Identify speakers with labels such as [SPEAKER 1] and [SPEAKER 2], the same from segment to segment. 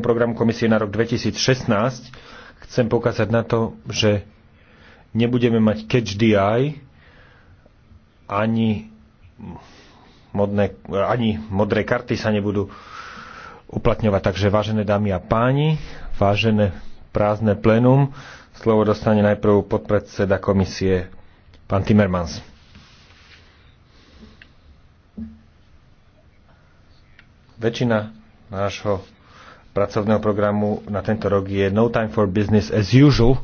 [SPEAKER 1] programu komisie na rok 2016 chcem pokázať na to, že nebudeme mať catch DI ani modné, ani modré karty sa nebudú uplatňovať. Takže vážené dámy a páni, vážené prázdne plénum, slovo dostane najprv podpredseda komisie pán Timmermans. Väčšina nášho pracovného programu na tento rok je No Time for Business as Usual,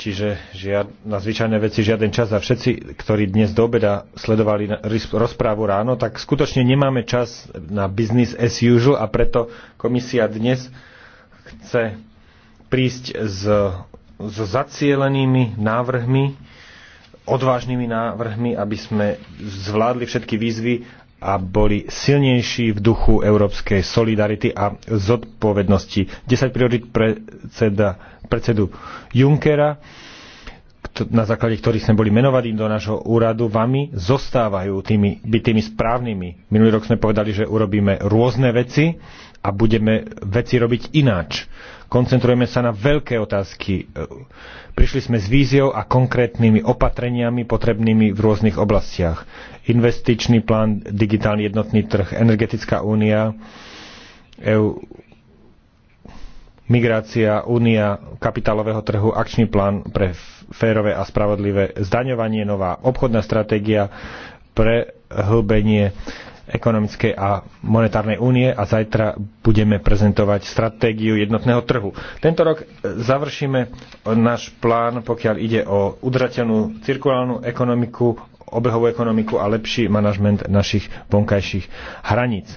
[SPEAKER 1] čiže žiad, na zvyčajné veci žiaden čas a všetci, ktorí dnes do obeda sledovali rozprávu ráno, tak skutočne nemáme čas na business as usual a preto komisia dnes chce prísť s, s zacielenými návrhmi, odvážnymi návrhmi, aby sme zvládli všetky výzvy a boli silnejší v duchu európskej solidarity a zodpovednosti. 10 priorit predseda, predsedu Junckera, na základe ktorých sme boli menovaní do nášho úradu, vami zostávajú tými, by tými správnymi. Minulý rok sme povedali, že urobíme rôzne veci a budeme veci robiť ináč. Koncentrujeme sa na veľké otázky. Prišli sme s víziou a konkrétnymi opatreniami potrebnými v rôznych oblastiach. Investičný plán, digitálny jednotný trh, energetická únia, EU, migrácia, únia kapitálového trhu, akčný plán pre férové a spravodlivé zdaňovanie, nová obchodná stratégia, prehlbenie ekonomickej a monetárnej únie a zajtra budeme prezentovať stratégiu jednotného trhu. Tento rok e, završíme náš plán, pokiaľ ide o udržateľnú cirkulárnu ekonomiku, obehovú ekonomiku a lepší manažment našich vonkajších hraníc.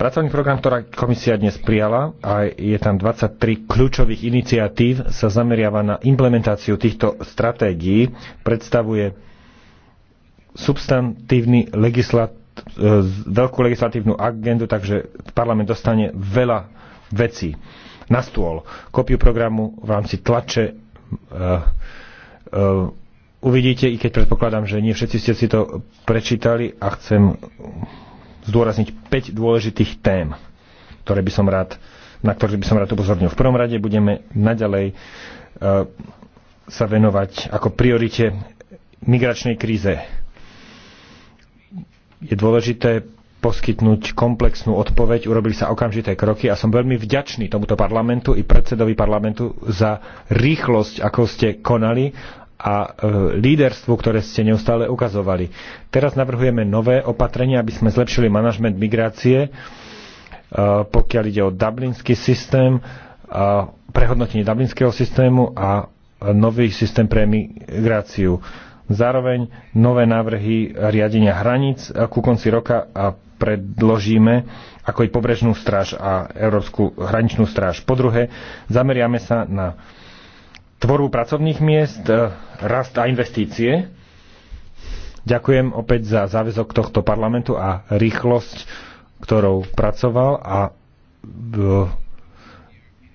[SPEAKER 1] Pracovný program, ktorá komisia dnes prijala, a je tam 23 kľúčových iniciatív, sa zameriava na implementáciu týchto stratégií, predstavuje substantívny legislat, e, veľkú legislatívnu agendu, takže parlament dostane veľa vecí na stôl. Kopiu programu v rámci tlače uh, uh, uvidíte, i keď predpokladám, že nie všetci ste si to prečítali a chcem zdôrazniť 5 dôležitých tém, ktoré by som rád, na ktoré by som rád upozornil. V prvom rade budeme naďalej uh, sa venovať ako priorite migračnej kríze je dôležité poskytnúť komplexnú odpoveď, urobili sa okamžité kroky a som veľmi vďačný tomuto parlamentu i predsedovi parlamentu za rýchlosť, ako ste konali a e, líderstvu, ktoré ste neustále ukazovali. Teraz navrhujeme nové opatrenia, aby sme zlepšili manažment migrácie, e, pokiaľ ide o dublinský systém, e, prehodnotenie dublinského systému a nový systém pre migráciu. E, Zároveň nové návrhy riadenia hraníc eh, ku konci roka a predložíme ako i pobrežnú stráž a Európsku hraničnú stráž. Po druhé, zameriame sa na tvorbu pracovných miest, eh, rast a investície. Ďakujem opäť za záväzok tohto parlamentu a rýchlosť, ktorou pracoval a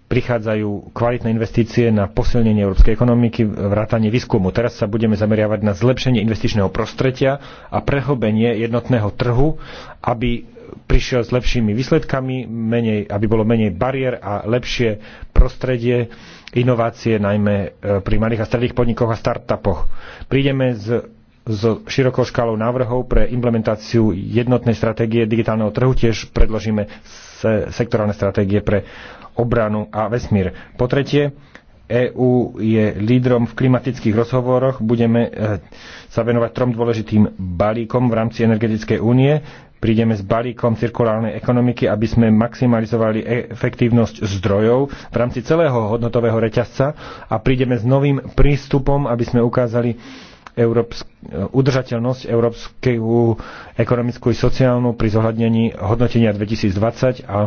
[SPEAKER 1] prichádzajú kvalitné investície na posilnenie európskej ekonomiky, vrátanie výskumu. Teraz sa budeme zameriavať na zlepšenie investičného prostredia a prehobenie jednotného trhu, aby prišiel s lepšími výsledkami, menej, aby bolo menej bariér a lepšie prostredie, inovácie najmä e, pri malých a stredných podnikoch a startupoch. Prídeme s s širokou škálou návrhov pre implementáciu jednotnej stratégie digitálneho trhu. Tiež predložíme sektorálne stratégie pre obranu a vesmír. Po tretie, EÚ je lídrom v klimatických rozhovoroch. Budeme e, sa venovať trom dôležitým balíkom v rámci energetickej únie. Prídeme s balíkom cirkulárnej ekonomiky, aby sme maximalizovali efektívnosť zdrojov v rámci celého hodnotového reťazca a prídeme s novým prístupom, aby sme ukázali európsk- udržateľnosť európskeho ekonomickú i sociálnu pri zohľadnení hodnotenia 2020 a, a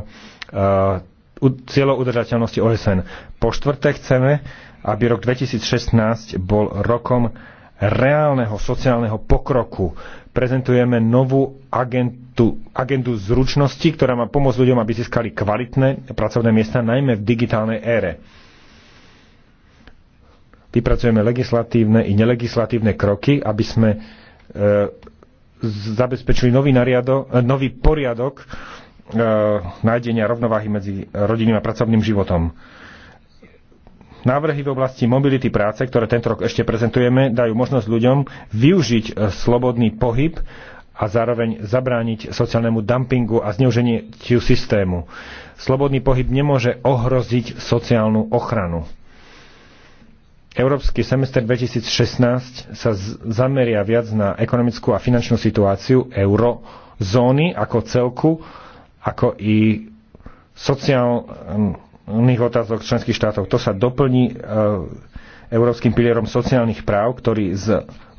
[SPEAKER 1] e, cieľov udržateľnosti OSN. Po štvrté chceme, aby rok 2016 bol rokom reálneho sociálneho pokroku. Prezentujeme novú agentu, agendu zručnosti, ktorá má pomôcť ľuďom, aby získali kvalitné pracovné miesta, najmä v digitálnej ére. Vypracujeme legislatívne i nelegislatívne kroky, aby sme e, zabezpečili nový, nariado, nový poriadok E, nájdenia rovnováhy medzi rodinným a pracovným životom. Návrhy v oblasti mobility práce, ktoré tento rok ešte prezentujeme, dajú možnosť ľuďom využiť e, slobodný pohyb a zároveň zabrániť sociálnemu dumpingu a zneuženiu systému. Slobodný pohyb nemôže ohroziť sociálnu ochranu. Európsky semester 2016 sa zameria viac na ekonomickú a finančnú situáciu eurozóny ako celku, ako i sociálnych otázok členských štátov. To sa doplní e, Európskym pilierom sociálnych práv, ktorý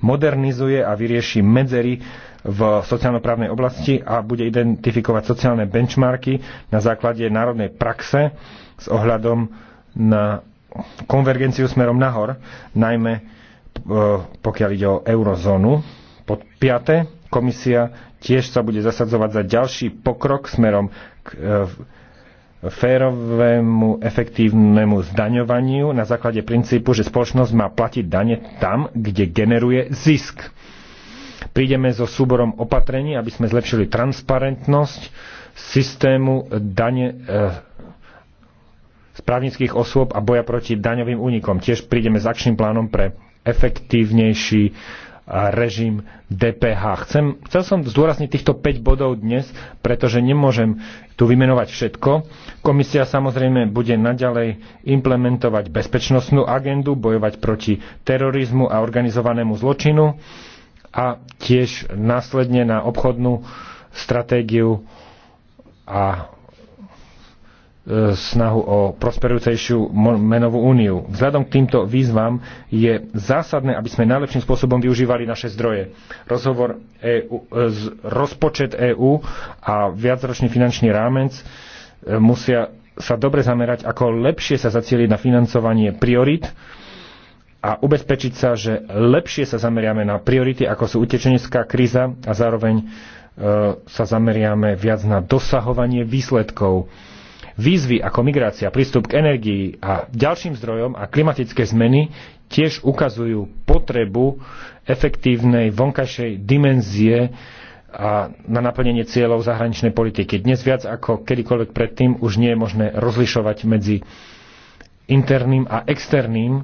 [SPEAKER 1] modernizuje a vyrieši medzery v sociálno-právnej oblasti a bude identifikovať sociálne benchmarky na základe národnej praxe s ohľadom na konvergenciu smerom nahor, najmä e, pokiaľ ide o eurozónu. Pod piaté, komisia tiež sa bude zasadzovať za ďalší pokrok smerom k e, férovému, efektívnemu zdaňovaniu na základe princípu, že spoločnosť má platiť dane tam, kde generuje zisk. Prídeme so súborom opatrení, aby sme zlepšili transparentnosť systému dane e, právnických osôb a boja proti daňovým únikom. Tiež prídeme s akčným plánom pre efektívnejší režim DPH. Chcem, chcel som zdôrazniť týchto 5 bodov dnes, pretože nemôžem tu vymenovať všetko. Komisia samozrejme bude naďalej implementovať bezpečnostnú agendu, bojovať proti terorizmu a organizovanému zločinu a tiež následne na obchodnú stratégiu a snahu o prosperujúcejšiu menovú úniu. Vzhľadom k týmto výzvam je zásadné, aby sme najlepším spôsobom využívali naše zdroje. Rozhovor EU, e, rozpočet EÚ a viacročný finančný rámec e, musia sa dobre zamerať, ako lepšie sa zacieliť na financovanie priorit a ubezpečiť sa, že lepšie sa zameriame na priority, ako sú utečenická kríza a zároveň e, sa zameriame viac na dosahovanie výsledkov Výzvy ako migrácia, prístup k energii a ďalším zdrojom a klimatické zmeny tiež ukazujú potrebu efektívnej vonkajšej dimenzie a na naplnenie cieľov zahraničnej politiky. Dnes viac ako kedykoľvek predtým už nie je možné rozlišovať medzi interným a externým. E,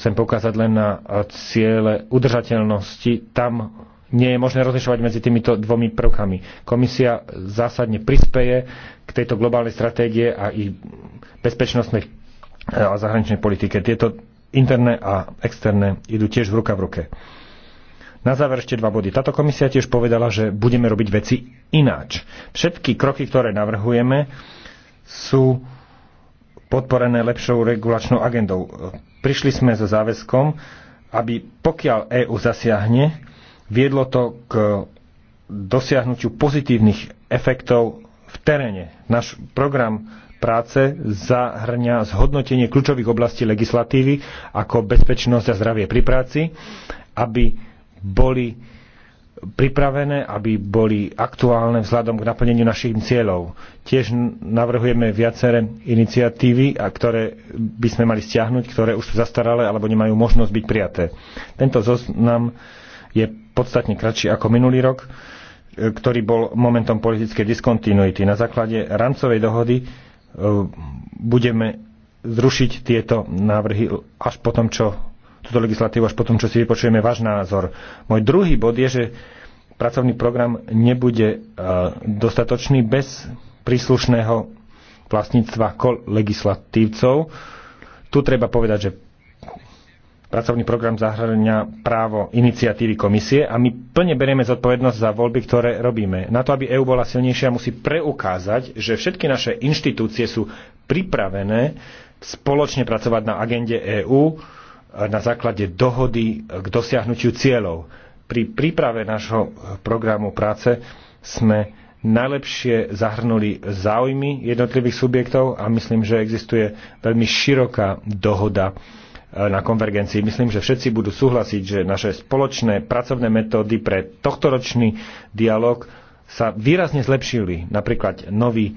[SPEAKER 1] chcem poukázať len na ciele udržateľnosti. Tam nie je možné rozlišovať medzi týmito dvomi prvkami. Komisia zásadne prispeje tejto globálnej stratégie a ich bezpečnostnej e, a zahraničnej politike. Tieto interné a externé idú tiež v ruka v ruke. Na záver ešte dva body. Táto komisia tiež povedala, že budeme robiť veci ináč. Všetky kroky, ktoré navrhujeme, sú podporené lepšou regulačnou agendou. Prišli sme so záväzkom, aby pokiaľ EÚ zasiahne, viedlo to k dosiahnutiu pozitívnych efektov teréne. Náš program práce zahrňa zhodnotenie kľúčových oblastí legislatívy ako bezpečnosť a zdravie pri práci, aby boli pripravené, aby boli aktuálne vzhľadom k naplneniu našich cieľov. Tiež navrhujeme viaceré iniciatívy, a ktoré by sme mali stiahnuť, ktoré už sú zastaralé alebo nemajú možnosť byť prijaté. Tento zoznam je podstatne kratší ako minulý rok ktorý bol momentom politickej diskontinuity. Na základe rancovej dohody e, budeme zrušiť tieto návrhy až po tom, čo túto legislatívu až po tom, čo si vypočujeme váš názor. Môj druhý bod je, že pracovný program nebude e, dostatočný bez príslušného vlastníctva legislatívcov. Tu treba povedať, že Pracovný program zahŕňa právo iniciatívy komisie a my plne berieme zodpovednosť za voľby, ktoré robíme. Na to, aby EÚ bola silnejšia, musí preukázať, že všetky naše inštitúcie sú pripravené spoločne pracovať na agende EÚ na základe dohody k dosiahnutiu cieľov. Pri príprave nášho programu práce sme najlepšie zahrnuli záujmy jednotlivých subjektov a myslím, že existuje veľmi široká dohoda E, na konvergencii. Myslím, že všetci budú súhlasiť, že naše spoločné pracovné metódy pre tohtoročný dialog sa výrazne zlepšili. Napríklad nový k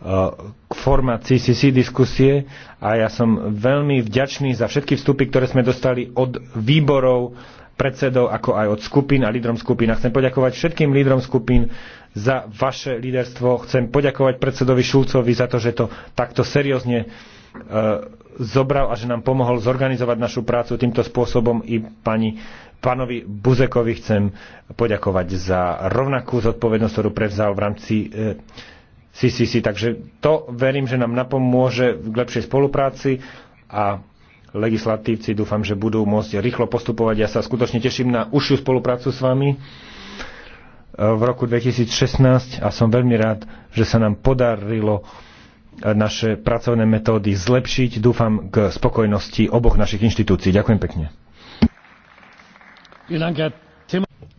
[SPEAKER 1] e, formát CCC diskusie a ja som veľmi vďačný za všetky vstupy, ktoré sme dostali od výborov, predsedov, ako aj od skupín a lídrom skupín. A chcem poďakovať všetkým lídrom skupín za vaše líderstvo. Chcem poďakovať predsedovi Šulcovi za to, že to takto seriózne uh, zobral a že nám pomohol zorganizovať našu prácu týmto spôsobom i pani pánovi Buzekovi chcem poďakovať za rovnakú zodpovednosť, ktorú prevzal v rámci e, eh, CCC. Takže to verím, že nám napomôže v lepšej spolupráci a legislatívci dúfam, že budú môcť rýchlo postupovať. Ja sa skutočne teším na užšiu spoluprácu s vami eh, v roku 2016 a som veľmi rád, že sa nám podarilo naše pracovné metódy zlepšiť, dúfam, k spokojnosti oboch našich inštitúcií. Ďakujem pekne.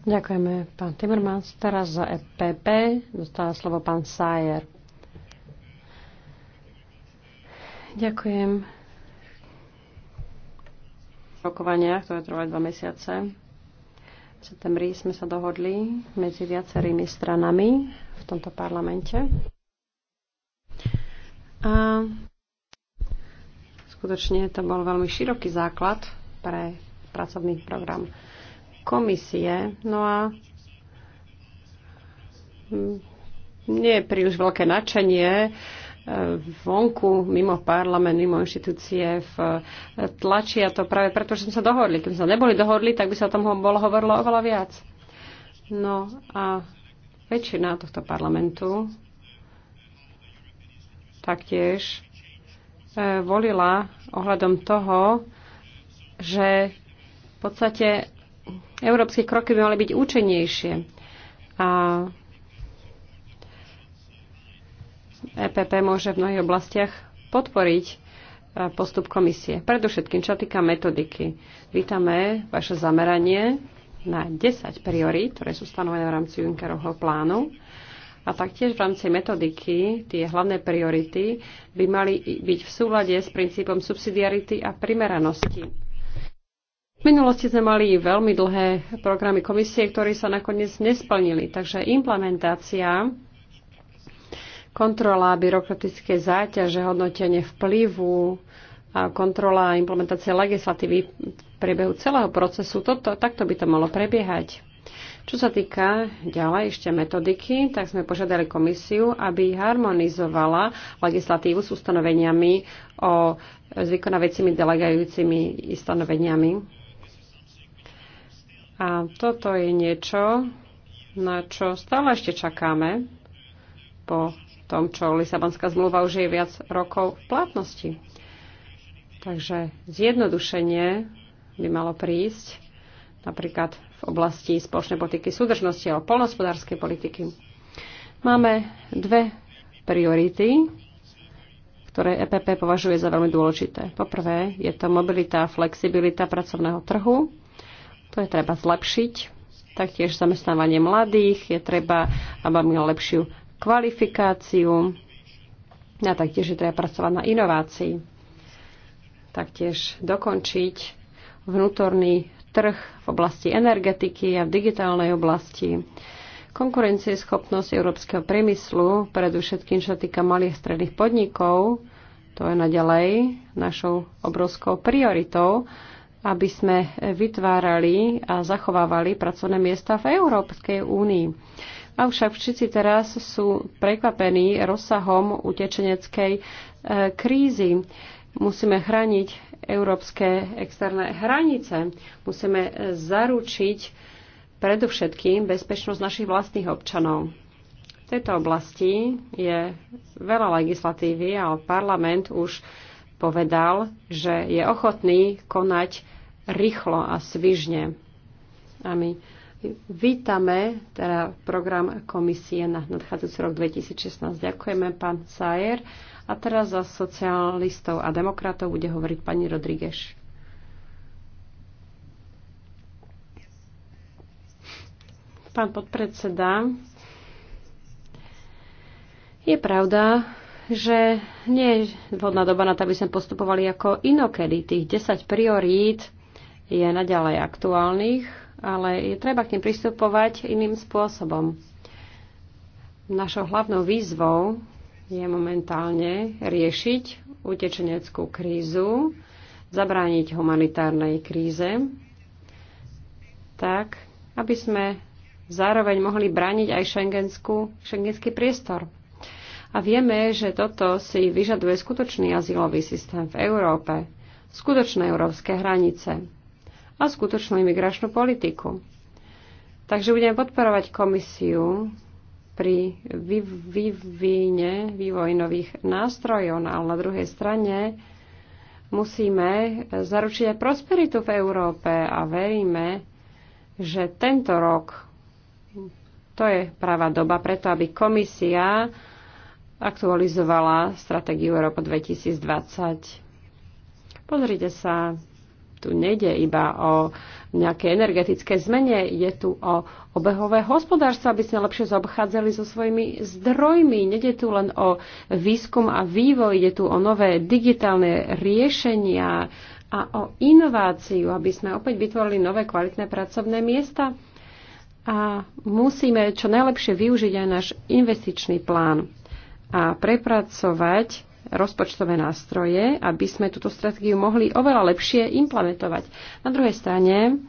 [SPEAKER 2] Ďakujeme, pán Timmermans. Teraz za EPP dostáva slovo pán Sajer. Ďakujem. Rokovania, ktoré trvajú dva mesiace. V septembrí sme sa dohodli medzi viacerými stranami v tomto parlamente. A skutočne to bol veľmi široký základ pre pracovný program komisie. No a nie je príliš veľké nadšenie e, vonku, mimo parlament, mimo inštitúcie v e, tlači a to práve preto, že sme sa dohodli. Keby sme neboli dohodli, tak by sa o tom bolo hovorilo oveľa viac. No a väčšina tohto parlamentu taktiež e, volila ohľadom toho, že v podstate európske kroky by mali byť účinnejšie. A EPP môže v mnohých oblastiach podporiť e, postup komisie. Predovšetkým, čo týka metodiky, vítame vaše zameranie na 10 priorít, ktoré sú stanovené v rámci Junckerovho plánu. A taktiež v rámci metodiky tie hlavné priority by mali byť v súlade s princípom subsidiarity a primeranosti. V minulosti sme mali veľmi dlhé programy komisie, ktoré sa nakoniec nesplnili, takže implementácia, kontrola byrokratické záťaže, hodnotenie vplyvu, a kontrola a implementácia legislatívy v priebehu celého procesu, toto, takto by to malo prebiehať. Čo sa týka ďalej ešte metodiky, tak sme požiadali komisiu, aby harmonizovala legislatívu s ustanoveniami o s delegajúcimi ustanoveniami. A toto je niečo, na čo stále ešte čakáme po tom, čo Lisabonská zmluva už je viac rokov v platnosti. Takže zjednodušenie by malo prísť napríklad v oblasti spoločnej politiky súdržnosti alebo polnospodárskej politiky. Máme dve priority, ktoré EPP považuje za veľmi dôležité. Poprvé je to mobilita a flexibilita pracovného trhu. To je treba zlepšiť. Taktiež zamestnávanie mladých je treba, aby mali lepšiu kvalifikáciu. A taktiež je treba pracovať na inovácii. Taktiež dokončiť vnútorný trh v oblasti energetiky a v digitálnej oblasti. Konkurencieschopnosť európskeho priemyslu, predovšetkým čo týka malých stredných podnikov, to je naďalej našou obrovskou prioritou, aby sme vytvárali a zachovávali pracovné miesta v Európskej únii. Avšak všetci teraz sú prekvapení rozsahom utečeneckej e, krízy. Musíme chrániť európske externé hranice. Musíme zaručiť predovšetkým bezpečnosť našich vlastných občanov. V tejto oblasti je veľa legislatívy, ale parlament už povedal, že je ochotný konať rýchlo a svižne. A my Vítame teda program komisie na nadchádzajúci rok 2016. Ďakujeme, pán Sajer. A teraz za socialistov a demokratov bude hovoriť pani Rodríguez. Pán podpredseda, je pravda, že nie je vhodná doba na to, aby sme postupovali ako inokedy. Tých 10 priorít je naďalej aktuálnych ale je treba k nim pristupovať iným spôsobom. Našou hlavnou výzvou je momentálne riešiť utečeneckú krízu, zabrániť humanitárnej kríze, tak, aby sme zároveň mohli brániť aj šengenský priestor. A vieme, že toto si vyžaduje skutočný azylový systém v Európe, skutočné európske hranice a skutočnú imigračnú politiku. Takže budeme podporovať komisiu pri vývine vývoj nových nástrojov, no ale na druhej strane musíme zaručiť aj prosperitu v Európe a veríme, že tento rok to je práva doba preto, aby komisia aktualizovala stratégiu Európa 2020. Pozrite sa tu nejde iba o nejaké energetické zmene, je tu o obehové hospodárstvo, aby sme lepšie zobchádzali so svojimi zdrojmi. Nede tu len o výskum a vývoj, je tu o nové digitálne riešenia a o inováciu, aby sme opäť vytvorili nové kvalitné pracovné miesta. A musíme čo najlepšie využiť aj náš investičný plán a prepracovať rozpočtové nástroje, aby sme túto stratégiu mohli oveľa lepšie implementovať. Na druhej strane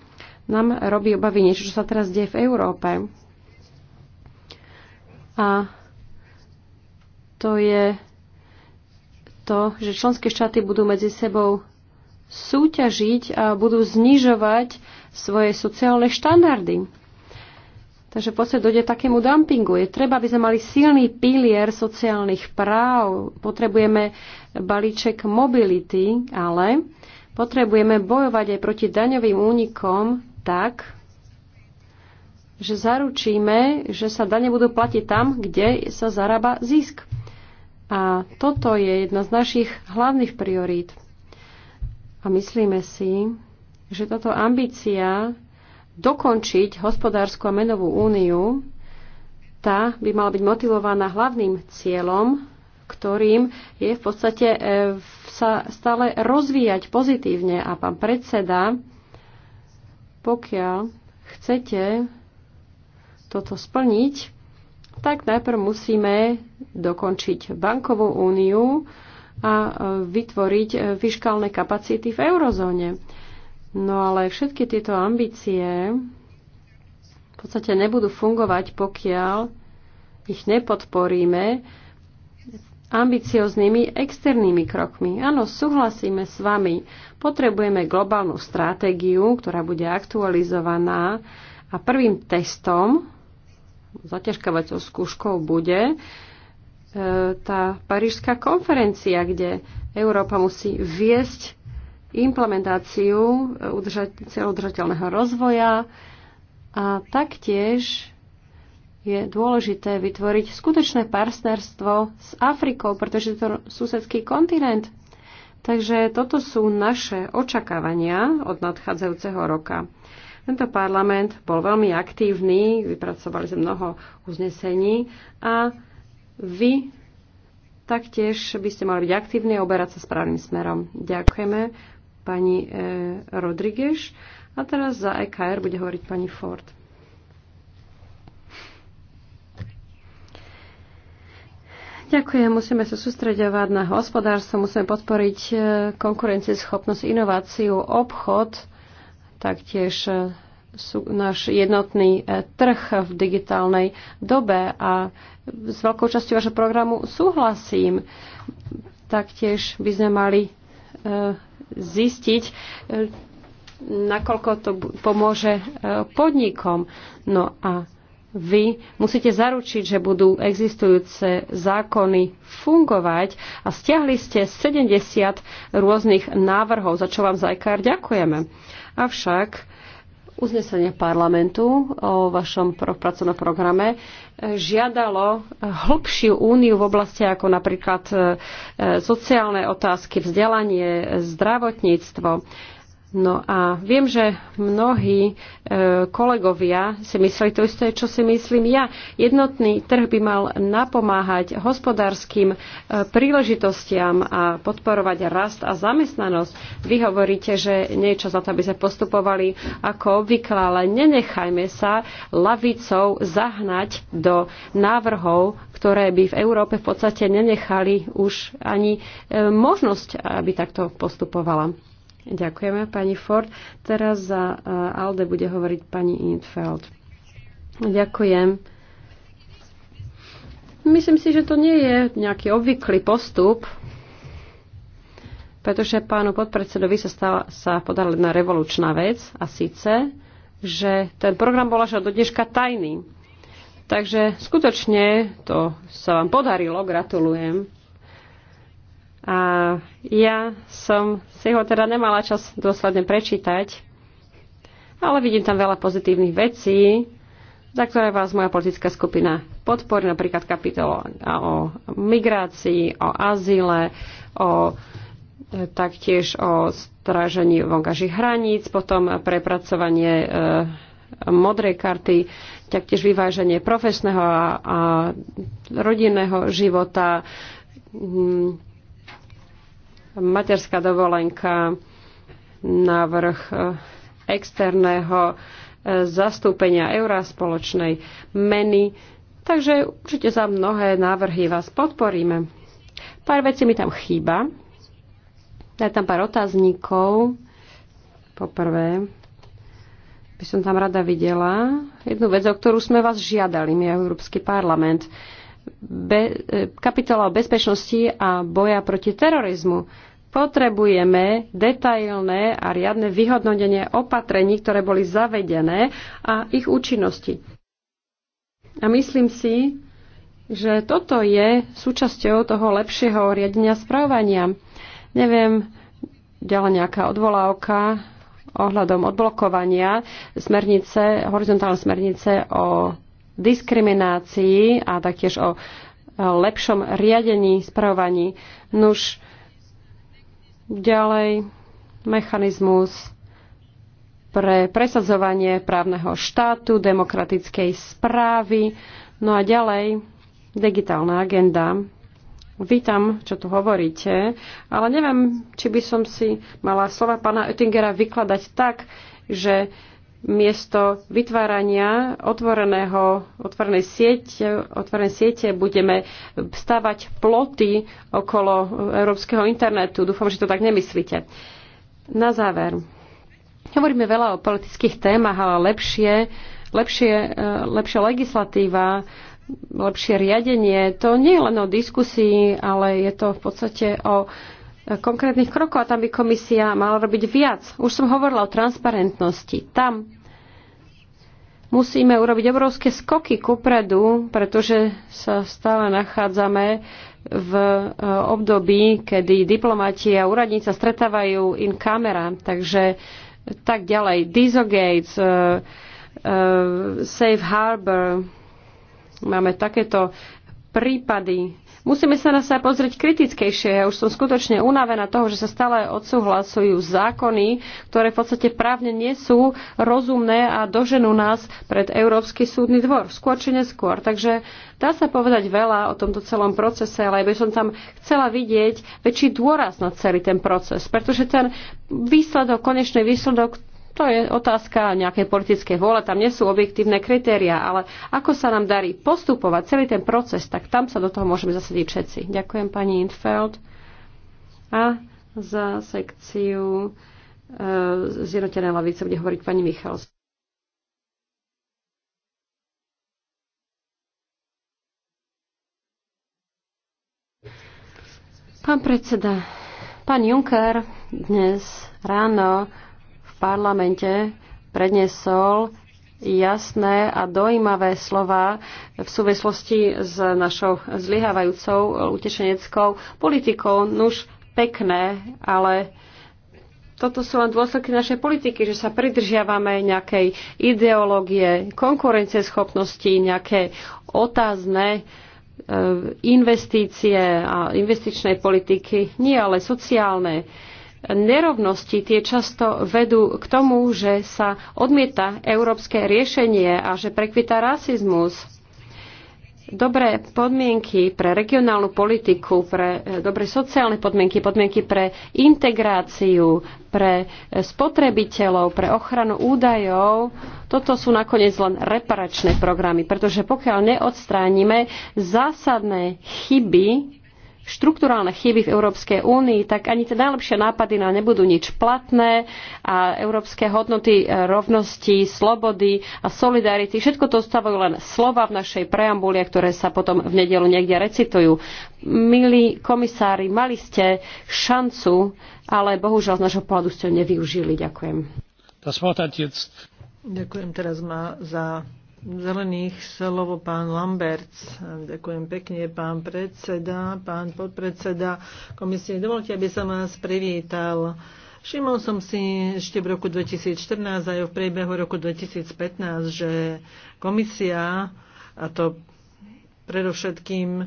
[SPEAKER 2] nám robí obavy niečo, čo sa teraz deje v Európe. A to je to, že členské štáty budú medzi sebou súťažiť a budú znižovať svoje sociálne štandardy. Takže v podstate dojde takému dumpingu. Je treba, aby sme mali silný pilier sociálnych práv. Potrebujeme balíček mobility, ale potrebujeme bojovať aj proti daňovým únikom tak, že zaručíme, že sa dane budú platiť tam, kde sa zarába zisk. A toto je jedna z našich hlavných priorít. A myslíme si, že táto ambícia dokončiť hospodárskú a menovú úniu, tá by mala byť motivovaná hlavným cieľom, ktorým je v podstate e, sa stále rozvíjať pozitívne. A pán predseda, pokiaľ chcete toto splniť, tak najprv musíme dokončiť bankovú úniu a e, vytvoriť e, fiskálne kapacity v eurozóne. No ale všetky tieto ambície v podstate nebudú fungovať, pokiaľ ich nepodporíme ambicioznými externými krokmi. Áno, súhlasíme s vami. Potrebujeme globálnu stratégiu, ktorá bude aktualizovaná a prvým testom, zaťažkavacou skúškou bude e, tá parížská konferencia, kde Európa musí viesť implementáciu eh, celodržateľného rozvoja a taktiež je dôležité vytvoriť skutočné partnerstvo s Afrikou, pretože to je susedský kontinent. Takže toto sú naše očakávania od nadchádzajúceho roka. Tento parlament bol veľmi aktívny, vypracovali sme mnoho uznesení a vy taktiež by ste mali byť aktívni a oberať sa správnym smerom. Ďakujeme pani e, Rodriguez a teraz za EKR bude hovoriť pani Ford. Ďakujem. Musíme sa sústreďovať na hospodárstvo, musíme podporiť e, konkurencieschopnosť, inováciu, obchod, taktiež e, sú náš jednotný trh v digitálnej dobe a s veľkou časťou vašho programu súhlasím. Taktiež by sme mali E, zistiť, e, nakoľko to pomôže e, podnikom. No a vy musíte zaručiť, že budú existujúce zákony fungovať a stiahli ste 70 rôznych návrhov, za čo vám za ďakujeme. Avšak uznesenie parlamentu o vašom pracovnom programe žiadalo hlbšiu úniu v oblasti ako napríklad e, e, sociálne otázky, vzdelanie, zdravotníctvo. No a viem, že mnohí e, kolegovia si mysleli to isté, čo si myslím ja. Jednotný trh by mal napomáhať hospodárským e, príležitostiam a podporovať rast a zamestnanosť. Vy hovoríte, že niečo za to, aby sa postupovali ako obvykle, ale nenechajme sa lavicou zahnať do návrhov, ktoré by v Európe v podstate nenechali už ani e, možnosť, aby takto postupovala. Ďakujeme, pani Ford. Teraz za eh, ALDE bude hovoriť pani Intfeld. Ďakujem. Myslím si, že to nie je nejaký obvyklý postup, pretože pánu podpredsedovi sa, stala, sa podala jedna revolučná vec a síce, že ten program bol až do dneška tajný. Takže skutočne to sa vám podarilo, gratulujem. A ja som si ho teda nemala čas dôsledne prečítať, ale vidím tam veľa pozitívnych vecí, za ktoré vás moja politická skupina podporí, napríklad kapitolo o migrácii, o azyle, o taktiež o strážení vonkajších hraníc, potom prepracovanie e, modrej karty, taktiež vyváženie profesného a, a rodinného života, mm, materská dovolenka, návrh e, externého e, zastúpenia eurá spoločnej meny. Takže určite za mnohé návrhy vás podporíme. Pár vecí mi tam chýba. Daj tam pár otázníkov. Poprvé, by som tam rada videla jednu vec, o ktorú sme vás žiadali, my Európsky parlament be, e, kapitola o bezpečnosti a boja proti terorizmu. Potrebujeme detailné a riadne vyhodnotenie opatrení, ktoré boli zavedené a ich účinnosti. A myslím si, že toto je súčasťou toho lepšieho riadenia správania. Neviem, ďalej nejaká odvolávka ohľadom odblokovania smernice, horizontálne smernice o diskriminácii a taktiež o lepšom riadení, spravovaní. Nuž ďalej mechanizmus pre presadzovanie právneho štátu, demokratickej správy. No a ďalej digitálna agenda. Vítam, čo tu hovoríte, ale neviem, či by som si mala slova pána Oettingera vykladať tak, že miesto vytvárania otvoreného, otvorenej siete, otvorené siete budeme stavať ploty okolo európskeho internetu. Dúfam, že to tak nemyslíte. Na záver. Hovoríme veľa o politických témach, ale lepšie, lepšie, e, lepšia legislatíva, lepšie riadenie, to nie je len o diskusii, ale je to v podstate o E, konkrétnych krokov a tam by komisia mala robiť viac. Už som hovorila o transparentnosti. Tam musíme urobiť obrovské skoky kupredu, pretože sa stále nachádzame v e, období, kedy diplomati a úradníci sa stretávajú in camera, takže tak ďalej. Dieselgates, uh, uh, Safe Harbor, máme takéto prípady Musíme sa na sa pozrieť kritickejšie. Ja už som skutočne unavená toho, že sa stále odsúhlasujú zákony, ktoré v podstate právne nie sú rozumné a doženú nás pred Európsky súdny dvor. Skôr či neskôr. Takže dá sa povedať veľa o tomto celom procese, ale ja by som tam chcela vidieť väčší dôraz na celý ten proces, pretože ten výsledok, konečný výsledok to je otázka nejakej politickej vôle, tam nie sú objektívne kritéria, ale ako sa nám darí postupovať celý ten proces, tak tam sa do toho môžeme zasadiť všetci. Ďakujem pani Infeld. A za sekciu e, zjednotené lavice bude hovoriť pani Michals. Pán predseda, pán Juncker dnes ráno parlamente predniesol jasné a dojímavé slova v súvislosti s našou zlyhávajúcou utečeneckou politikou. Nuž pekné, ale toto sú len dôsledky našej politiky, že sa pridržiavame nejakej ideológie, konkurencieschopnosti, nejaké otázne e, investície a investičnej politiky. Nie, ale sociálne nerovnosti tie často vedú k tomu, že sa odmieta európske riešenie a že prekvita rasizmus. Dobré podmienky pre regionálnu politiku, pre e, dobré sociálne podmienky, podmienky pre integráciu, pre e, spotrebiteľov, pre ochranu údajov, toto sú nakoniec len reparačné programy, pretože pokiaľ neodstránime zásadné chyby štruktúrálne chyby v Európskej únii, tak ani tie najlepšie nápady nám nebudú nič platné a európske hodnoty e, rovnosti, slobody a solidarity, všetko to ostávajú len slova v našej preambule, ktoré sa potom v nedelu niekde recitujú. Milí komisári, mali ste šancu, ale bohužiaľ z našho pohľadu ste ju nevyužili. Ďakujem.
[SPEAKER 3] Ďakujem. Teraz za zelených slovo pán Lamberts. Ďakujem pekne, pán predseda, pán podpredseda komisie. Dovolte, aby som vás privítal. Všimol som si ešte v roku 2014 aj v priebehu roku 2015, že komisia, a to predovšetkým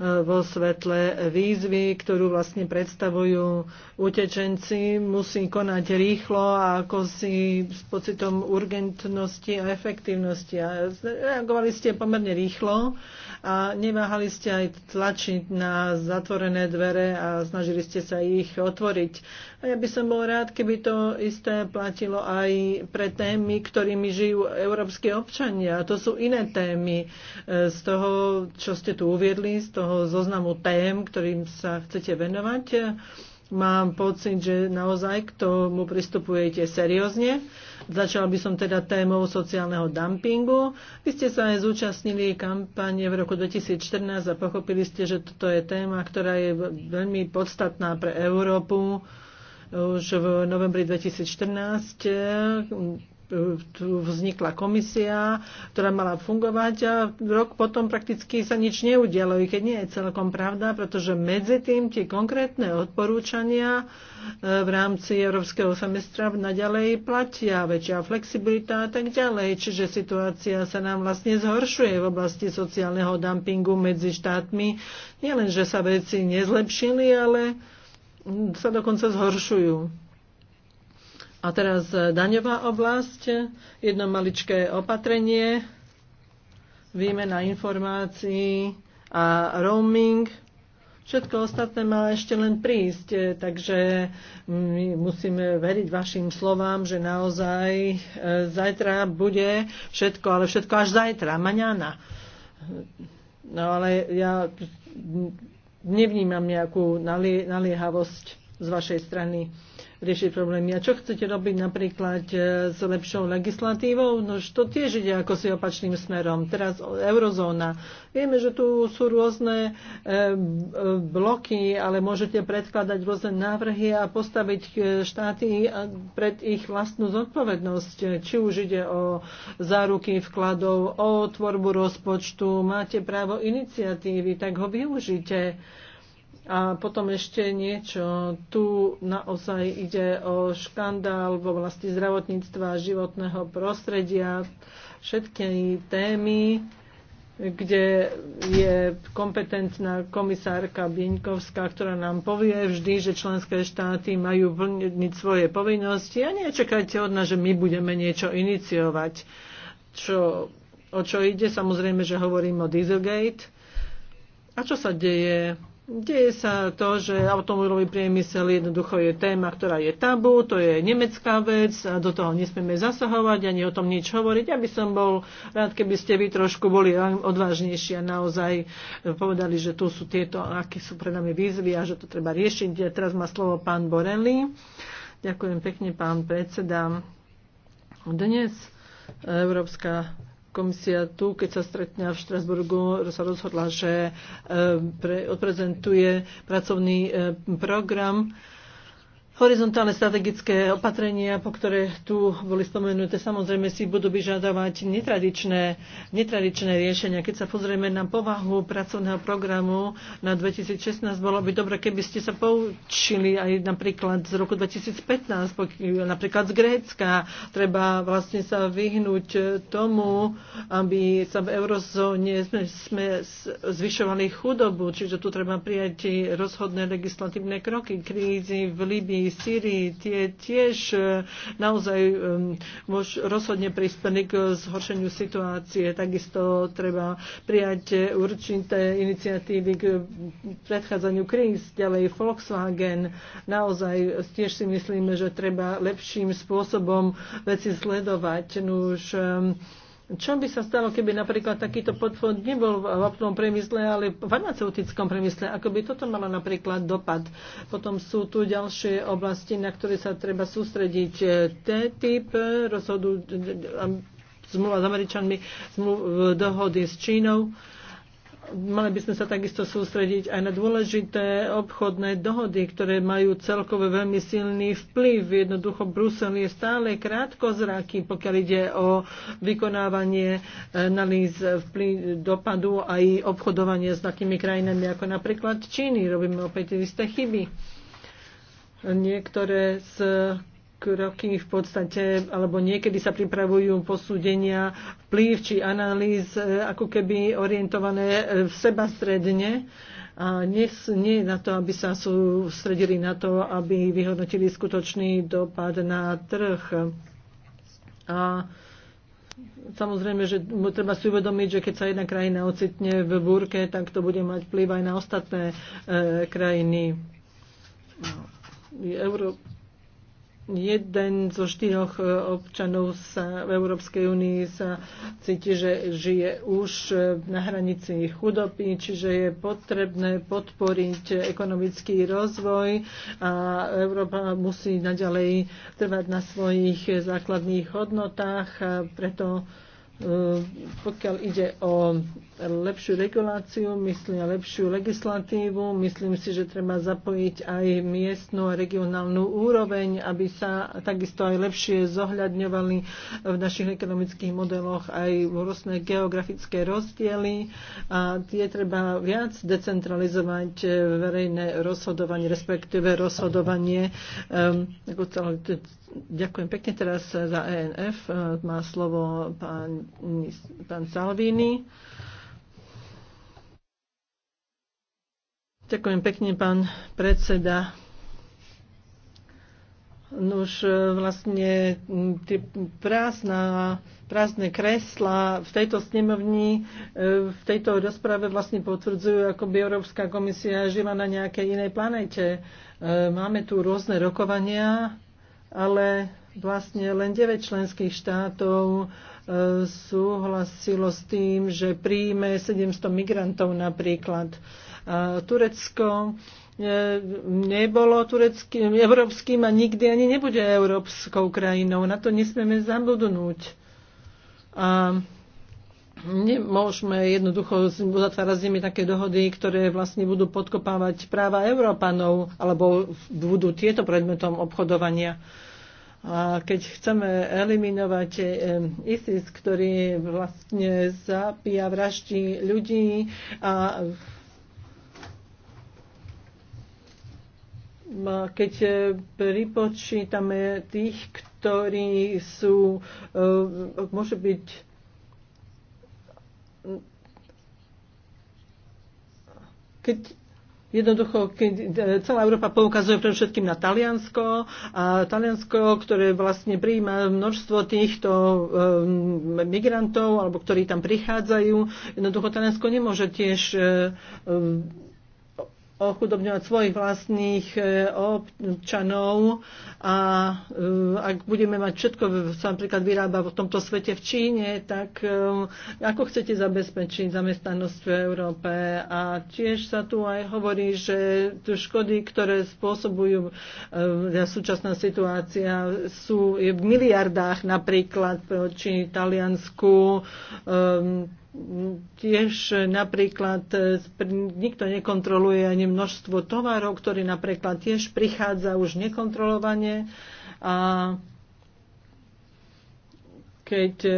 [SPEAKER 3] vo svetle výzvy, ktorú vlastne predstavujú utečenci, musí konať rýchlo a ako si s pocitom urgentnosti a efektívnosti. A reagovali ste pomerne rýchlo a neváhali ste aj tlačiť na zatvorené dvere a snažili ste sa ich otvoriť. A ja by som bol rád, keby to isté platilo aj pre témy, ktorými žijú európske občania. To sú iné témy e, z toho, čo ste tu uviedli, z toho zoznamu tém, ktorým sa chcete venovať mám pocit, že naozaj k tomu pristupujete seriózne. Začal by som teda témou sociálneho dumpingu. Vy ste sa aj zúčastnili kampane v roku 2014 a pochopili ste, že toto je téma, ktorá je veľmi podstatná pre Európu. Už v novembri 2014 tu vznikla komisia, ktorá mala fungovať a rok potom prakticky sa nič neudialo, i keď nie je celkom pravda, pretože medzi tým tie konkrétne odporúčania e, v rámci európskeho semestra naďalej platia, väčšia flexibilita a tak ďalej. Čiže situácia sa nám vlastne zhoršuje v oblasti sociálneho dumpingu medzi štátmi. Nielen, že sa veci nezlepšili, ale sa dokonca zhoršujú. A teraz e, daňová oblasť, jedno maličké opatrenie, výmena informácií a roaming. Všetko ostatné má ešte len prísť, e, takže mm, my musíme veriť vašim slovám, že naozaj e, zajtra bude všetko, ale všetko až zajtra, maňana. No ale ja nevnímam nejakú nalie, naliehavosť z vašej strany riešiť problémy. A čo chcete robiť napríklad e, s lepšou legislatívou? No to tiež ide ako si opačným smerom. Teraz eurozóna. Vieme, že tu sú rôzne e, e, bloky, ale môžete predkladať rôzne návrhy a postaviť štáty pred ich vlastnú zodpovednosť. Či už ide o záruky vkladov, o tvorbu rozpočtu, máte právo iniciatívy, tak ho využite a potom ešte niečo. Tu naozaj ide o škandál v oblasti zdravotníctva a životného prostredia. Všetky témy, kde je kompetentná komisárka Bieňkovská, ktorá nám povie vždy, že členské štáty majú plniť svoje povinnosti a nečakajte od nás, že my budeme niečo iniciovať. Čo, o čo ide? Samozrejme, že hovorím o Dieselgate. A čo sa deje Deje sa to, že automobilový priemysel jednoducho je téma, ktorá je tabu, to je nemecká vec a do toho nesmieme zasahovať ani o tom nič hovoriť. Ja by som bol rád, keby ste vy trošku boli odvážnejší a naozaj povedali, že tu sú tieto, aké sú pre nami výzvy a že to treba riešiť. Ja teraz má slovo pán Borelli. Ďakujem pekne, pán predseda. Dnes Európska komisia tu, keď sa stretňa v Štrasburgu, sa rozhodla, že eh, odprezentuje pracovný eh, program Horizontálne strategické opatrenia, po ktoré tu boli spomenuté, samozrejme si budú vyžadovať netradičné, netradičné riešenia. Keď sa pozrieme na povahu pracovného programu na 2016, bolo by dobre, keby ste sa poučili aj napríklad z roku 2015, napríklad z Grécka. Treba vlastne sa vyhnúť tomu, aby sa v eurozóne sme, sme zvyšovali chudobu, čiže tu treba prijať rozhodné legislatívne kroky krízy v Líbii Sýrii, tie tiež e, naozaj rozhodne prispeli k zhoršeniu situácie. Takisto treba prijať určité iniciatívy k predchádzaniu kríz, ďalej Volkswagen. Naozaj tiež si myslíme, že treba lepším spôsobom veci sledovať. No už, čo by sa stalo, keby napríklad takýto podfond nebol v opnom priemysle, ale v farmaceutickom priemysle? Ako by toto malo napríklad dopad? Potom sú tu ďalšie oblasti, na ktoré sa treba sústrediť. E, T-typ e, rozhodu e, zmluva s Američanmi, zmluv, dohody s Čínou mali by sme sa takisto sústrediť aj na dôležité obchodné dohody, ktoré majú celkovo veľmi silný vplyv. Jednoducho Brusel je stále krátkozraký, pokiaľ ide o vykonávanie e, analýz e, vplyv, dopadu aj obchodovanie s takými krajinami ako napríklad Číny. Robíme opäť isté chyby. Niektoré z kroky v podstate, alebo niekedy sa pripravujú posúdenia vplyv či analýz e, ako keby orientované e, v seba stredne a nie, nie na to, aby sa sústredili na to, aby vyhodnotili skutočný dopad na trh. A samozrejme, že treba si uvedomiť, že keď sa jedna krajina ocitne v búrke, tak to bude mať vplyv aj na ostatné e, krajiny. E, Európa jeden zo štyroch e, občanov sa v Európskej únii sa cíti, že žije už e, na hranici chudoby, čiže je potrebné podporiť ekonomický rozvoj a Európa musí naďalej trvať na svojich základných hodnotách, a preto Eh, pokiaľ ide o lepšiu reguláciu, myslím lepšiu legislatívu, myslím si, že treba zapojiť aj miestnu a regionálnu úroveň, aby sa takisto aj lepšie zohľadňovali v našich ekonomických modeloch aj rôzne geografické rozdiely a tie treba viac decentralizovať eh, verejné rozhodovanie, respektíve rozhodovanie um, ako celé Ďakujem pekne teraz za ENF. Má slovo pán, pán Salvini. Ďakujem pekne, pán predseda. No už vlastne tie prázdna, prázdne kresla v tejto snemovni, e, v tejto rozprave vlastne potvrdzujú, ako by Európska komisia žila na nejakej inej planete. E, máme tu rôzne rokovania, ale vlastne len 9 členských štátov e, súhlasilo s tým, že príjme 700 migrantov napríklad. A Turecko e, nebolo tureckým, európskym a nikdy ani nebude európskou krajinou. Na to nesmieme zabudnúť. A nemôžeme jednoducho uzatvárať s nimi také dohody, ktoré vlastne budú podkopávať práva Európanov alebo budú tieto predmetom obchodovania. A keď chceme eliminovať eh, ISIS, ktorý vlastne zapíja vraždy ľudí a keď eh, pripočítame tých, ktorí sú, eh, môže byť Keď Jednoducho, keď e, celá Európa poukazuje pre všetkým na Taliansko a Taliansko, ktoré vlastne prijíma množstvo týchto um, migrantov, alebo ktorí tam prichádzajú, jednoducho Taliansko nemôže tiež um, ochudobňovať svojich vlastných e, občanov a e, ak budeme mať všetko, sa napríklad vyrába v tomto svete v Číne, tak e, ako chcete zabezpečiť zamestnanosť v Európe? A tiež sa tu aj hovorí, že škody, ktoré spôsobujú súčasná situácia, sú v miliardách napríklad či Taliansku, tiež napríklad e, nikto nekontroluje ani množstvo tovarov, ktorý napríklad tiež prichádza už nekontrolovane a keď e,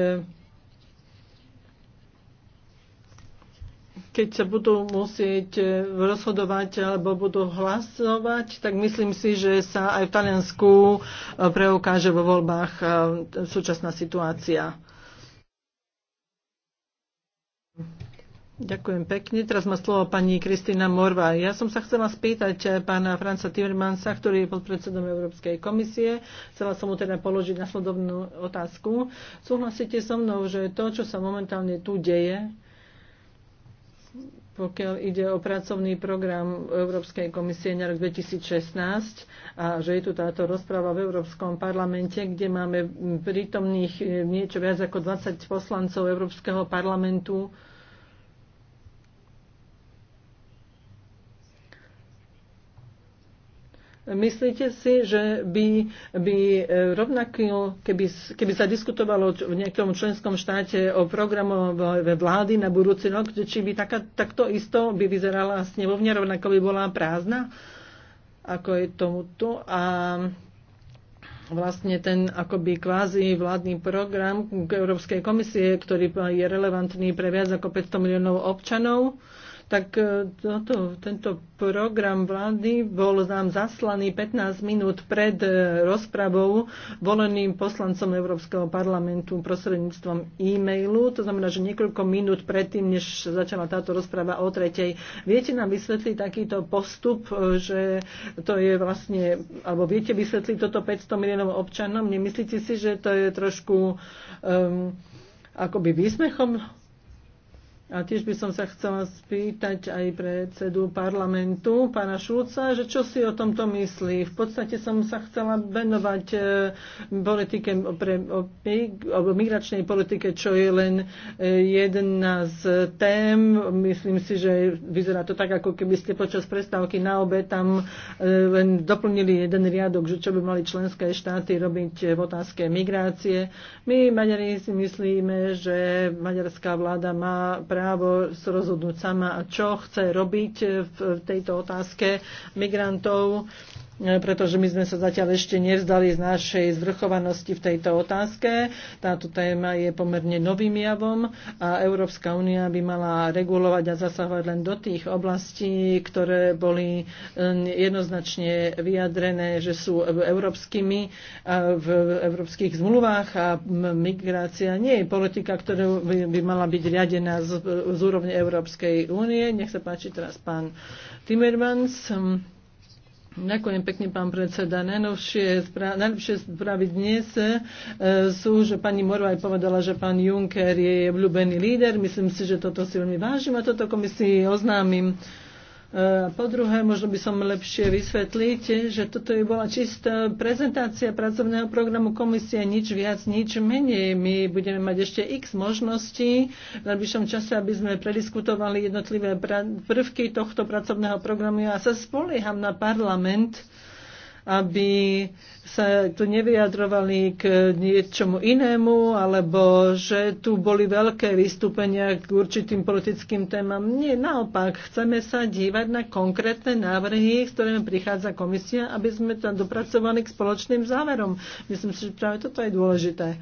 [SPEAKER 3] keď sa budú musieť e, rozhodovať alebo budú hlasovať, tak myslím si, že sa aj v Taliansku preukáže vo voľbách súčasná situácia. Ďakujem pekne. Teraz má slovo pani Kristýna Morva. Ja som sa chcela spýtať eh, pána Franca Timmermansa, ktorý je podpredsedom Európskej komisie. Chcela som mu teda položiť nasledovnú otázku. Súhlasíte so mnou, že to, čo sa momentálne tu deje, pokiaľ ide o pracovný program Európskej komisie na rok 2016 a že je tu táto rozpráva v Európskom parlamente, kde máme prítomných eh, niečo viac ako 20 poslancov Európskeho parlamentu, Myslíte si, že by, by e, rovnaký, keby, keby sa diskutovalo v nejakom členskom štáte o programové vlády na budúci rok, či by taká, takto isto by vyzerala snemovňa, rovnako by bola prázdna, ako je tomu tu. A vlastne ten akoby kvázi vládny program Európskej komisie, ktorý je relevantný pre viac ako 500 miliónov občanov, tak e, toto, tento program vlády bol nám zaslaný 15 minút pred e, rozpravou voleným poslancom Európskeho parlamentu prostredníctvom e-mailu. To znamená, že niekoľko minút predtým, než začala táto rozprava o tretej. Viete nám vysvetliť takýto postup, e, že to je vlastne, alebo viete vysvetliť toto 500 miliónov občanom? Nemyslíte si, že to je trošku um, akoby výsmechom a tiež by som sa chcela spýtať aj predsedu parlamentu, pána Šulca, že čo si o tomto myslí. V podstate som sa chcela venovať e, politike pre, o, o migračnej politike, čo je len e, jedna z tém. Myslím si, že vyzerá to tak, ako keby ste počas prestávky na obe tam e, len doplnili jeden riadok, že čo by mali členské štáty robiť v otázke migrácie. My, Maďari, si myslíme, že maďarská vláda má pre právo rozhodnúť sama, čo chce robiť v tejto otázke migrantov. E, pretože my sme sa zatiaľ ešte nevzdali z našej zvrchovanosti v tejto otázke. Táto téma je pomerne novým javom a Európska únia by mala regulovať a zasahovať len do tých oblastí, ktoré boli e, jednoznačne vyjadrené, že sú európskymi e, v európskych zmluvách a migrácia nie je politika, ktorá by mala byť riadená z, z úrovne Európskej únie. Nech sa páči teraz pán Timmermans. Ďakujem pekne, pán predseda. Najnovšie správ, najlepšie správy dnes e, sú, že pani Morvaj povedala, že pán Juncker je obľúbený líder. Myslím si, že toto si veľmi vážim a toto komisii oznámim. E, po druhé, možno by som lepšie vysvetliť, že toto je bola čistá prezentácia pracovného programu komisie, nič viac, nič menej. My budeme mať ešte x možností v najbližšom čase, aby sme prediskutovali jednotlivé prvky tohto pracovného programu. Ja sa spolieham na parlament, aby sa tu nevyjadrovali k niečomu inému, alebo že tu boli veľké vystúpenia k určitým politickým témam. Nie, naopak, chceme sa dívať na konkrétne návrhy, s ktorými prichádza komisia, aby sme tam dopracovali k spoločným záverom. Myslím si, že práve toto je dôležité.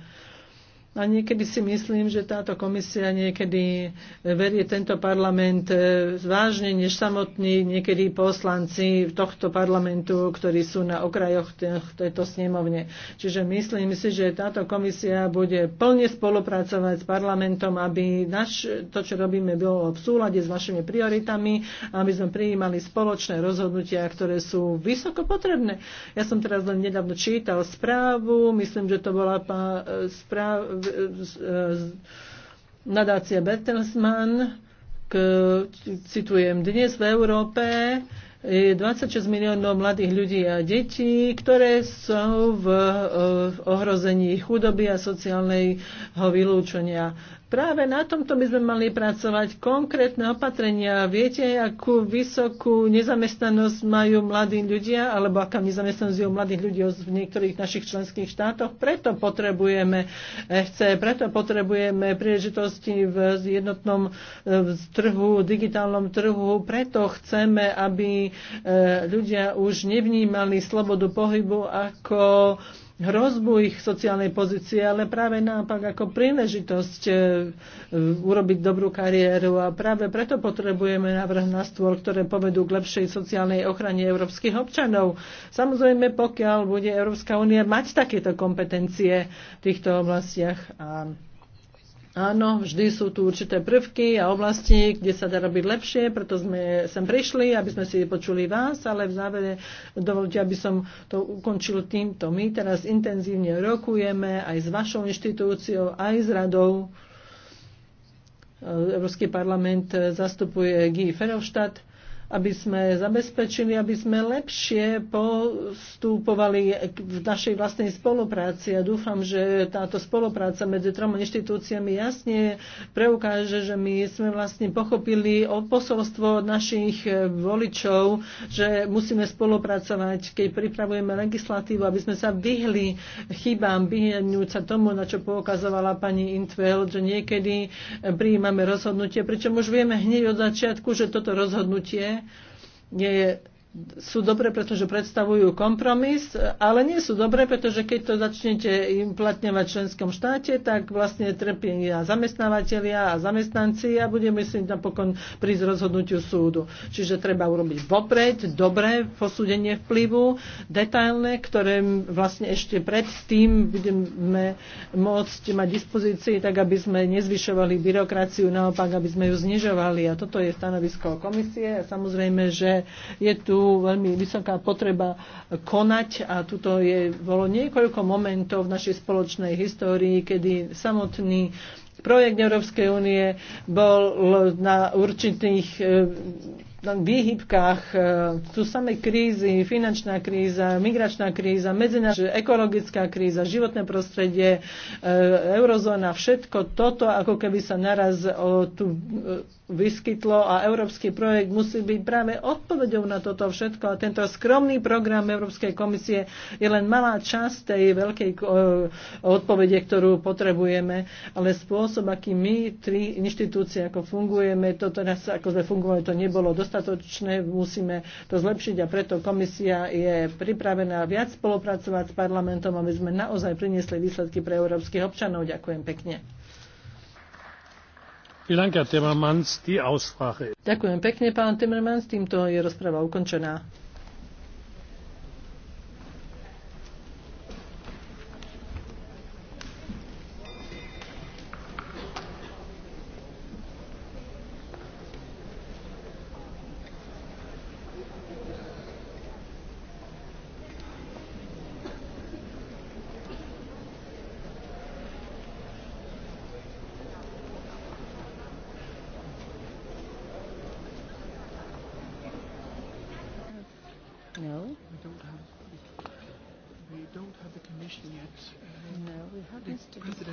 [SPEAKER 3] A niekedy si myslím, že táto komisia niekedy e, verie tento parlament e, vážne než samotní niekedy poslanci tohto parlamentu, ktorí sú na okrajoch tejto snemovne. Čiže myslím si, že táto komisia bude plne spolupracovať s parlamentom, aby naš, to, čo robíme, bolo v súlade s vašimi prioritami, aby sme prijímali spoločné rozhodnutia, ktoré sú vysoko potrebné. Ja som teraz len nedávno čítal správu, myslím, že to bola e, správa nadácia Bertelsmann, k, citujem, dnes v Európe je 26 miliónov mladých ľudí a detí, ktoré sú v, v ohrození chudoby a sociálneho vylúčenia. Práve na tomto by sme mali pracovať. Konkrétne opatrenia. Viete, akú vysokú nezamestnanosť majú mladí ľudia, alebo aká nezamestnanosť je u mladých ľudí v niektorých našich členských štátoch. Preto potrebujeme FC, preto potrebujeme príležitosti v jednotnom e, trhu, digitálnom trhu. Preto chceme, aby e, ľudia už nevnímali slobodu pohybu ako hrozbu ich sociálnej pozície, ale práve naopak ako príležitosť e, e, urobiť dobrú kariéru. A práve preto potrebujeme návrh na stôl, ktoré povedú k lepšej sociálnej ochrane európskych občanov. Samozrejme, pokiaľ bude Európska únia mať takéto kompetencie v týchto oblastiach. A Áno, vždy sú tu určité prvky a oblasti, kde sa dá robiť lepšie, preto sme sem prišli, aby sme si počuli vás, ale v závere dovolte, aby som to ukončil týmto. My teraz intenzívne rokujeme aj s vašou inštitúciou, aj s radou. Európsky parlament zastupuje Guy Ferovštát aby sme zabezpečili, aby sme lepšie postupovali v našej vlastnej spolupráci. A dúfam, že táto spolupráca medzi troma inštitúciami jasne preukáže, že my sme vlastne pochopili o posolstvo našich voličov, že musíme spolupracovať, keď pripravujeme legislatívu, aby sme sa vyhli chybám, vyhnúť sa tomu, na čo poukazovala pani Intveld, že niekedy prijímame rozhodnutie, pričom už vieme hneď od začiatku, že toto rozhodnutie nie je sú dobré, pretože predstavujú kompromis, ale nie sú dobré, pretože keď to začnete implatňovať v členskom štáte, tak vlastne trpia zamestnávateľia a zamestnanci a budeme myslieť napokon prísť rozhodnutiu súdu. Čiže treba urobiť vopred dobré posúdenie vplyvu, detailné, ktoré vlastne ešte predtým budeme môcť mať dispozícii, tak aby sme nezvyšovali byrokraciu, naopak, aby sme ju znižovali. A toto je stanovisko komisie a samozrejme, že je tu tu veľmi vysoká potreba konať a tuto je, bolo niekoľko momentov v našej spoločnej histórii, kedy samotný projekt Európskej únie bol na určitých eh, výhybkách sú eh, samé krízy, finančná kríza, migračná kríza, medzinárodná ekologická kríza, životné prostredie, eh, eurozóna, všetko toto, ako keby sa naraz o, tu vyskytlo a európsky projekt musí byť práve odpovedou na toto všetko. A tento skromný program Európskej komisie je len malá časť tej veľkej eh, odpovede, ktorú potrebujeme, ale spôsob, aký my, tri inštitúcie, ako fungujeme, to teraz, ako sme fungovali, to nebolo dostatočné, musíme to zlepšiť a preto komisia je pripravená viac spolupracovať s parlamentom, aby sme naozaj priniesli výsledky pre európskych občanov. Ďakujem pekne.
[SPEAKER 2] Ďakujem
[SPEAKER 3] pekne, pán Timmermans. Týmto je rozprava ukončená.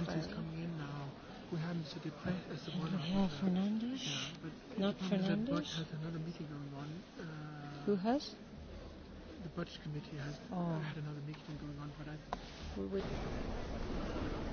[SPEAKER 3] Fernandez coming um, in now. We had Mr. Depre as the board officer. Fernandez? Yeah, but Not Fernandez? The board has another meeting going on. Uh, Who has? The budget committee has oh. had another meeting going on, but I... We, we...